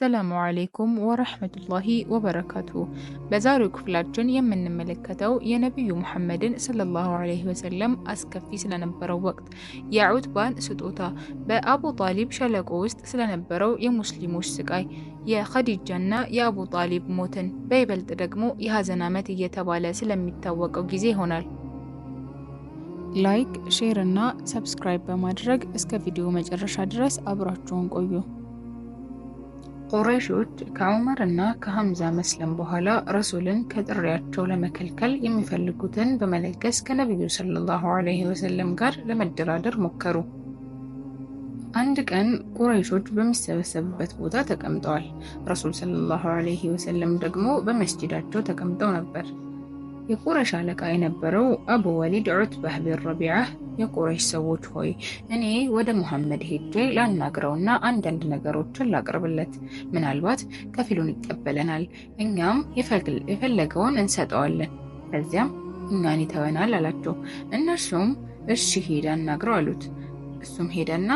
ሰላሙ አሌይኩም ወረህመቱላሂ ወበረካቱ። በዛሬው ክፍላችን የምንመለከተው የነቢዩ ሙሐመድን ሰለላሁ አለይሂ ወሰለም አስከፊ ስለነበረው ወቅት የዑትባን ስጦታ፣ በአቡ ጣሊብ ሸለቆ ውስጥ ስለነበረው የሙስሊሞች ስቃይ፣ የኸዲጃና የአቡ ጣሊብ ሞትን፣ በይበልጥ ደግሞ የሀዘን ዓመት እየተባለ ስለሚታወቀው ጊዜ ይሆናል። ላይክ፣ ሼር እና ሰብስክራይብ በማድረግ እስከ ቪዲዮ መጨረሻ ድረስ አብራችሁን ቆዩ። ቁረይሾች ከዑመር እና ከሐምዛ መስለም በኋላ ረሱልን ከጥሪያቸው ለመከልከል የሚፈልጉትን በመለገስ ከነቢዩ ሰለላሁ ዐለይሂ ወሰለም ጋር ለመደራደር ሞከሩ። አንድ ቀን ቁረይሾች በሚሰበሰቡበት ቦታ ተቀምጠዋል። ረሱል ሰለላሁ ዐለይሂ ወሰለም ደግሞ በመስጂዳቸው ተቀምጠው ነበር። የቁረሽ አለቃ የነበረው አቡ ወሊድ ዑትባህ ቢን ረቢዓህ የቁረሽ ሰዎች ሆይ እኔ ወደ ሙሐመድ ሄጄ ላናግረውና አንዳንድ ነገሮችን ላቅርብለት፣ ምናልባት ከፊሉን ይቀበለናል፣ እኛም የፈለገውን እንሰጠዋለን፣ ከዚያም እኛን ይተወናል አላቸው። እነርሱም እሺ ሄደ አናግረው አሉት። እሱም ሄደና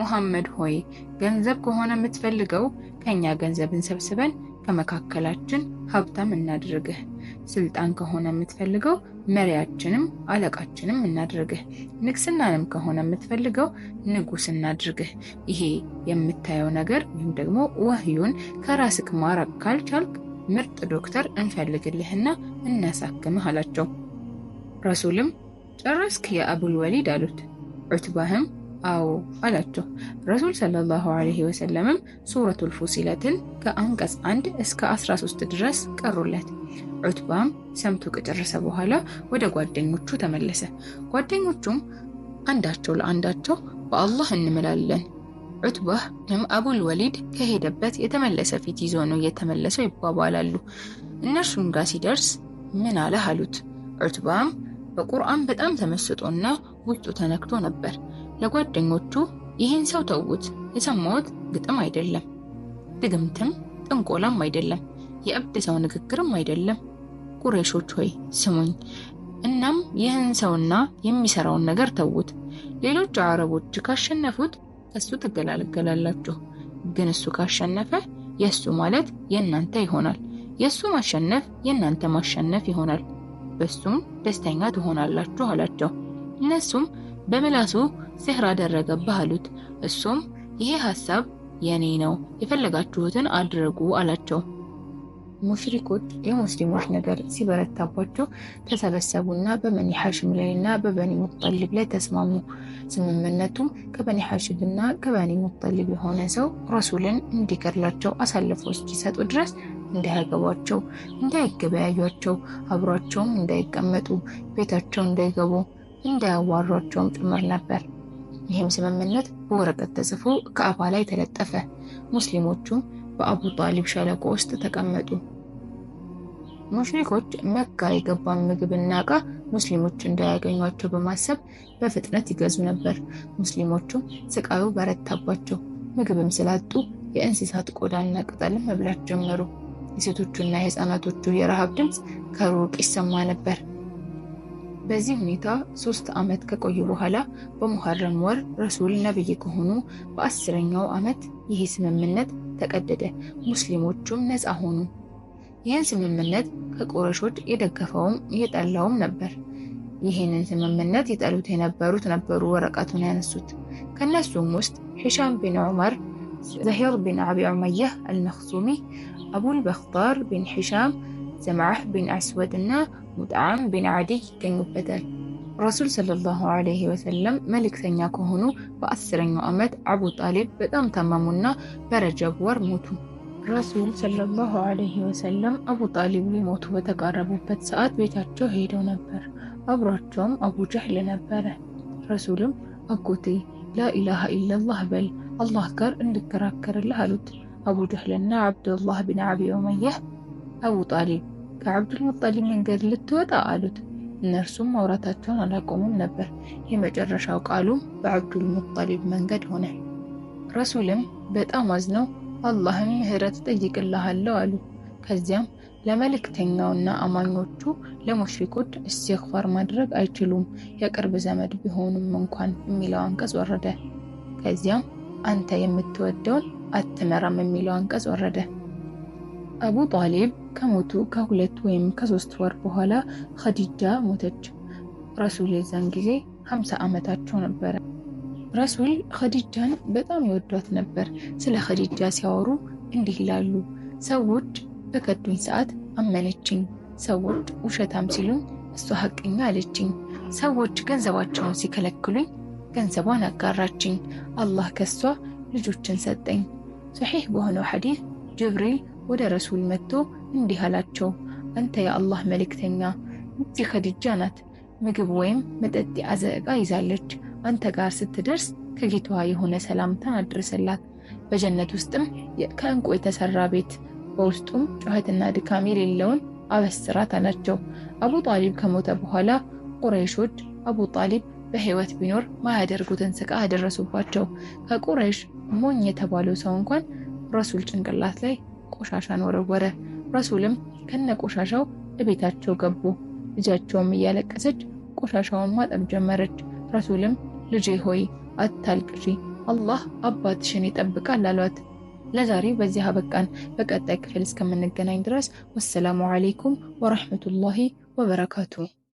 ሙሐመድ ሆይ ገንዘብ ከሆነ የምትፈልገው ከእኛ ገንዘብን ሰብስበን ከመካከላችን ሀብታም እናድርግህ ስልጣን ከሆነ የምትፈልገው መሪያችንም አለቃችንም እናድርግህ። ንግስናንም ከሆነ የምትፈልገው ንጉስ እናድርግህ። ይሄ የምታየው ነገር ወይም ደግሞ ወህዩን ከራስክ ማራቅ ካልቻልክ ምርጥ ዶክተር እንፈልግልህና እናሳክምህ አላቸው። ረሱልም ጨረስክ የአቡል ወሊድ አሉት። ዑትባህም አዎ አላቸው። ረሱል ሰለላሁ ዐለይሂ ወሰለምም ሱረቱል ፉሲለትን ከአንቀጽ አንድ እስከ 13 ድረስ ቀሩለት። ዑትባም ሰምቶ ከጨረሰ በኋላ ወደ ጓደኞቹ ተመለሰ። ጓደኞቹም አንዳቸው ለአንዳቸው በአላህ እንምላለን፣ ዑትባህም አቡል ወሊድ ከሄደበት የተመለሰ ፊት ይዞ ነው የተመለሰው ይባባላሉ። እነርሱም ጋር ሲደርስ ምን አለህ አሉት። ዑትባም በቁርአን በጣም ተመስጦና ውስጡ ተነክቶ ነበር። ለጓደኞቹ ይህን ሰው ተዉት፣ የሰማሁት ግጥም አይደለም፣ ድግምትም ጥንቆላም አይደለም፣ የእብድ ሰው ንግግርም አይደለም ቁረሾች ሆይ ስሙኝ፣ እናም ይህን ሰውና የሚሰራውን ነገር ተዉት። ሌሎች አረቦች ካሸነፉት እሱ ትገላገላላችሁ፣ ግን እሱ ካሸነፈ የእሱ ማለት የእናንተ ይሆናል። የእሱ ማሸነፍ የእናንተ ማሸነፍ ይሆናል። በሱም ደስተኛ ትሆናላችሁ አላቸው። እነሱም በምላሱ ሲህር አደረገብህ አሉት። እሱም ይሄ ሀሳብ የኔ ነው፣ የፈለጋችሁትን አድርጉ አላቸው። ሙሽሪኮች የሙስሊሞች ነገር ሲበረታባቸው ተሰበሰቡና በበኒ ሐሽም ላይና በበኒ ሙጠሊብ ላይ ተስማሙ። ስምምነቱም ከበኒ ሐሽምና ከበኒ ሙጠሊብ የሆነ ሰው ረሱልን እንዲገድላቸው አሳልፈው እስኪሰጡ ድረስ እንዳያገቧቸው፣ እንዳይገበያዩቸው፣ አብሯቸውም እንዳይቀመጡ፣ ቤታቸው እንዳይገቡ፣ እንዳያዋሯቸውም ጭምር ነበር። ይህም ስምምነት በወረቀት ተጽፎ ከአፋ ላይ ተለጠፈ። ሙስሊሞቹም በአቡ ጣሊብ ሸለቆ ውስጥ ተቀመጡ። ሙሽሪኮች መካ የገባን ምግብና ዕቃ ሙስሊሞች እንዳያገኟቸው በማሰብ በፍጥነት ይገዙ ነበር። ሙስሊሞቹም ስቃዩ በረታባቸው። ምግብም ስላጡ የእንስሳት ቆዳና ቅጠልም መብላት ጀመሩ። የሴቶቹና የህፃናቶቹ የረሃብ ድምፅ ከሩቅ ይሰማ ነበር። በዚህ ሁኔታ ሶስት ዓመት ከቆዩ በኋላ በሙሐረም ወር ረሱል ነብይ ከሆኑ በአስረኛው ዓመት ይህ ስምምነት ተቀደደ፣ ሙስሊሞቹም ነፃ ሆኑ። ይህን ስምምነት ከቁረሾች የደገፈውም የጠላውም ነበር። ይህንን ስምምነት የጠሉት የነበሩት ነበሩ ወረቀቱን ያነሱት። ከእነሱም ውስጥ ሒሻም ቢን ዑመር፣ ዘሂር ቢን አቢ ዑመያህ አልመክዙሚ፣ አቡልበክታር ቢን ሒሻም፣ ዘምዓህ ቢን አስወድ እና ሙጥዓም ቢን ዓዲይ ይገኙበታል። ረሱል ሰለላሁ ዓለይሂ ወሰለም መልእክተኛ ከሆኑ በአስረኛው ዓመት አቡ ጣሊብ በጣም ታመሙና በረጀብ ወር ሞቱ። ረሱል ሰለላሁ ዓለይሂ ወሰለም አቡ ጣሊብ ሊሞቱ በተቃረቡበት ሰዓት ቤታቸው ሄደው ነበር። አብሯቸውም አቡ ጀህል ነበረ። ረሱልም አጎቴ ላኢላሃ ኢለላህ በል አላህ ጋር እንድከራከርልህ አሉት። አቡ ጀህልና አብዱላህ ብን አቢ ኡመያህ አቡ ጣሊብ ከዓብዱልሙጠሊብ መንገድ ልትወጣ አሉት። እነርሱም ማውራታቸውን አላቆሙም ነበር። የመጨረሻው ቃሉ በዐብዱል ሙጠሊብ መንገድ ሆነ። ረሱልም በጣም አዝነው አላህን ምህረት ጠይቅልሃለሁ አሉ። ከዚያም ለመልእክተኛውና አማኞቹ ለሙሽሪኮች እስትግፋር ማድረግ አይችሉም የቅርብ ዘመድ ቢሆኑም እንኳን የሚለው አንቀጽ ወረደ። ከዚያም አንተ የምትወደውን አትመራም የሚለው አንቀጽ ወረደ። አቡ ጣሊብ ከሞቱ ከሁለት ወይም ከሶስት ወር በኋላ ኸዲጃ ሞተች። ረሱል የዛን ጊዜ ሀምሳ ዓመታቸው ነበረ። ረሱል ኸዲጃን በጣም ይወዷት ነበር። ስለ ኸዲጃ ሲያወሩ እንዲህ ይላሉ፣ ሰዎች በከዱኝ ሰዓት አመነችኝ፣ ሰዎች ውሸታም ሲሉኝ እሷ ሀቅኛ አለችኝ፣ ሰዎች ገንዘባቸውን ሲከለክሉኝ ገንዘቧን አጋራችኝ፣ አላህ ከሷ ልጆችን ሰጠኝ። ሶሒሕ በሆነው ሐዲስ ጅብሪል ወደ ረሱል መጥቶ እንዲህ አላቸው፣ አንተ የአላህ መልእክተኛ፣ እዚህ ኸዲጃ ናት። ምግብ ወይም መጠጥ የያዘ ዕቃ ይዛለች። አንተ ጋር ስትደርስ ከጌታዋ የሆነ ሰላምታን አድርስላት በጀነት ውስጥም ከእንቁ የተሰራ ቤት በውስጡም ጩኸትና ድካም የሌለውን አበስራት አላቸው። አቡ ጣሊብ ከሞተ በኋላ ቁረይሾች አቡ ጣሊብ በሕይወት ቢኖር ማያደርጉትን ስቃ አደረሱባቸው። ከቁረይሽ ሞኝ የተባለው ሰው እንኳን ረሱል ጭንቅላት ላይ ቆሻሻን ወረወረ። ረሱልም ከነ ቆሻሻው እቤታቸው ገቡ። ልጃቸውም እያለቀሰች ቆሻሻውን ማጠብ ጀመረች። ረሱልም ልጄ ሆይ አታልቅሺ፣ አላህ አባትሽን ይጠብቃል አሏት። ለዛሬ በዚህ አበቃን። በቀጣይ ክፍል እስከምንገናኝ ድረስ ወሰላሙ አለይኩም ወረሕመቱላሂ ወበረካቱሁ።